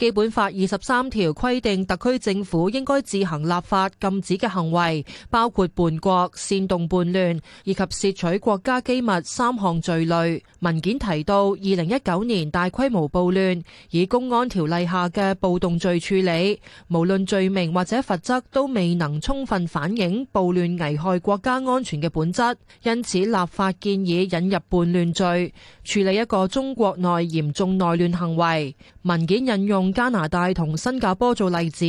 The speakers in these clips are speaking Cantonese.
基本法二十三條規定，特區政府應該自行立法禁止嘅行為，包括叛國、煽動叛亂以及竊取國家機密三項罪類。文件提到，二零一九年大規模暴亂以公安條例下嘅暴動罪處理，無論罪名或者罰則，都未能充分反映暴亂危害國家安全嘅本質，因此立法建議引入叛亂罪處理一個中國內嚴重內亂行為。文件引用加拿大同新加坡做例子，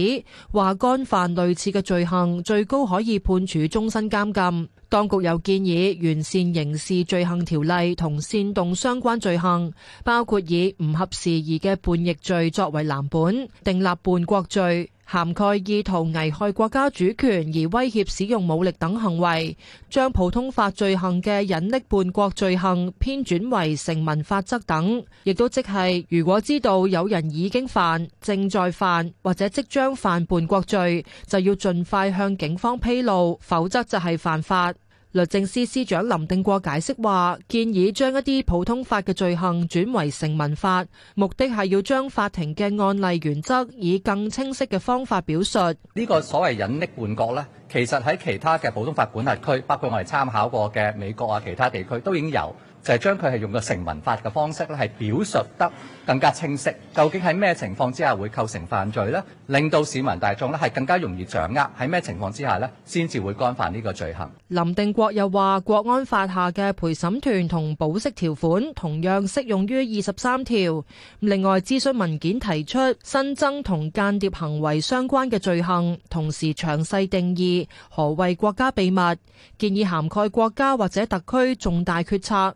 話干犯類似嘅罪行，最高可以判處終身監禁。當局又建議完善刑事罪行條例，同煽動相關罪行，包括以唔合時宜嘅叛逆罪作為藍本，訂立叛國罪。涵蓋意圖危害國家主權而威脅使用武力等行為，將普通法罪行嘅隱匿叛國罪行編轉為成文法則等，亦都即係如果知道有人已經犯、正在犯或者即將犯叛國罪，就要盡快向警方披露，否則就係犯法。律政司司長林定國解釋話，建議將一啲普通法嘅罪行轉為成文法，目的係要將法庭嘅案例原則以更清晰嘅方法表述。呢個所謂引入叛國，呢，其實喺其他嘅普通法管轄區，包括我哋參考過嘅美國啊，其他地區都已經有。就係將佢係用個成文法嘅方式咧，係表述得更加清晰。究竟喺咩情況之下會構成犯罪呢？令到市民大眾咧係更加容易掌握喺咩情況之下呢？先至會干犯呢個罪行。林定國又話，國安法下嘅陪審團同保釋條款同樣適用於二十三條。另外，諮詢文件提出新增同間諜行為相關嘅罪行，同時詳細定義何謂國家秘密，建議涵蓋國家或者特區重大決策。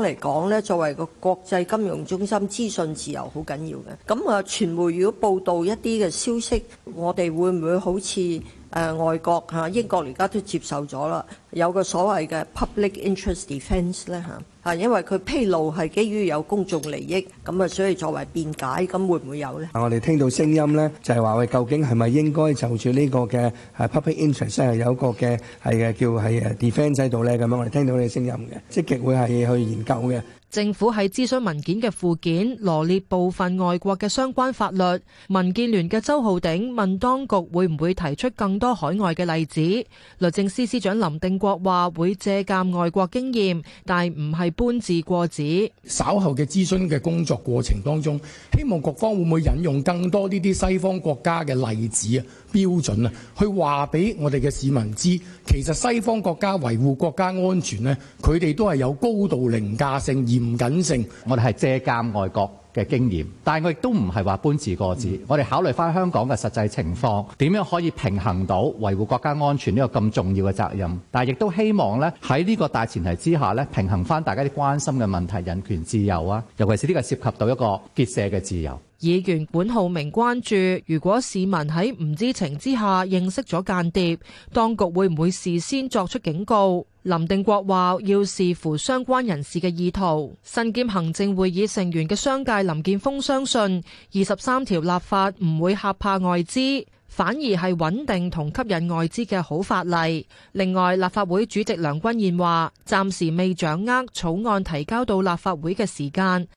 嚟講咧，作為一個國際金融中心，資訊自由好緊要嘅。咁啊，傳媒如果報道一啲嘅消息，我哋會唔會好似誒、呃、外國吓、啊、英國而家都接受咗啦，有個所謂嘅 public interest defence 咧嚇，嚇，因為佢披露係基於有公眾利益，咁啊，所以作為辯解，咁會唔會有咧？我哋聽到聲音咧，就係話喂，究竟係咪應該就住呢個嘅 public interest 係有個嘅係嘅叫係誒 defence 制度咧咁啊？我哋聽到呢個聲音嘅積極會係去研究嘅。政府喺諮詢文件嘅附件羅列部分外國嘅相關法律。民建聯嘅周浩鼎問當局會唔會提出更多海外嘅例子？律政司司長林定國話會借鑒外國經驗，但唔係搬字過紙。稍後嘅諮詢嘅工作過程當中，希望各方會唔會引用更多呢啲西方國家嘅例子啊、標準啊，去話俾我哋嘅市民知，其實西方國家維護國家安全咧，佢哋都係有高度凌駕性、嚴謹性。 我哋係借鑒外國。嘅經驗，但係我亦都唔係話搬字過紙，嗯、我哋考慮翻香港嘅實際情況，點樣可以平衡到維護國家安全呢個咁重要嘅責任，但係亦都希望呢，喺呢個大前提之下咧，平衡翻大家啲關心嘅問題，人權自由啊，尤其是呢個涉及到一個結社嘅自由。議員管浩鳴關注，如果市民喺唔知情之下認識咗間諜，當局會唔會事先作出警告？林定國話要視乎相關人士嘅意圖。身兼行政會議成員嘅商界林健鋒相信，二十三條立法唔會嚇怕外資，反而係穩定同吸引外資嘅好法例。另外，立法會主席梁君彥話，暫時未掌握草案提交到立法會嘅時間。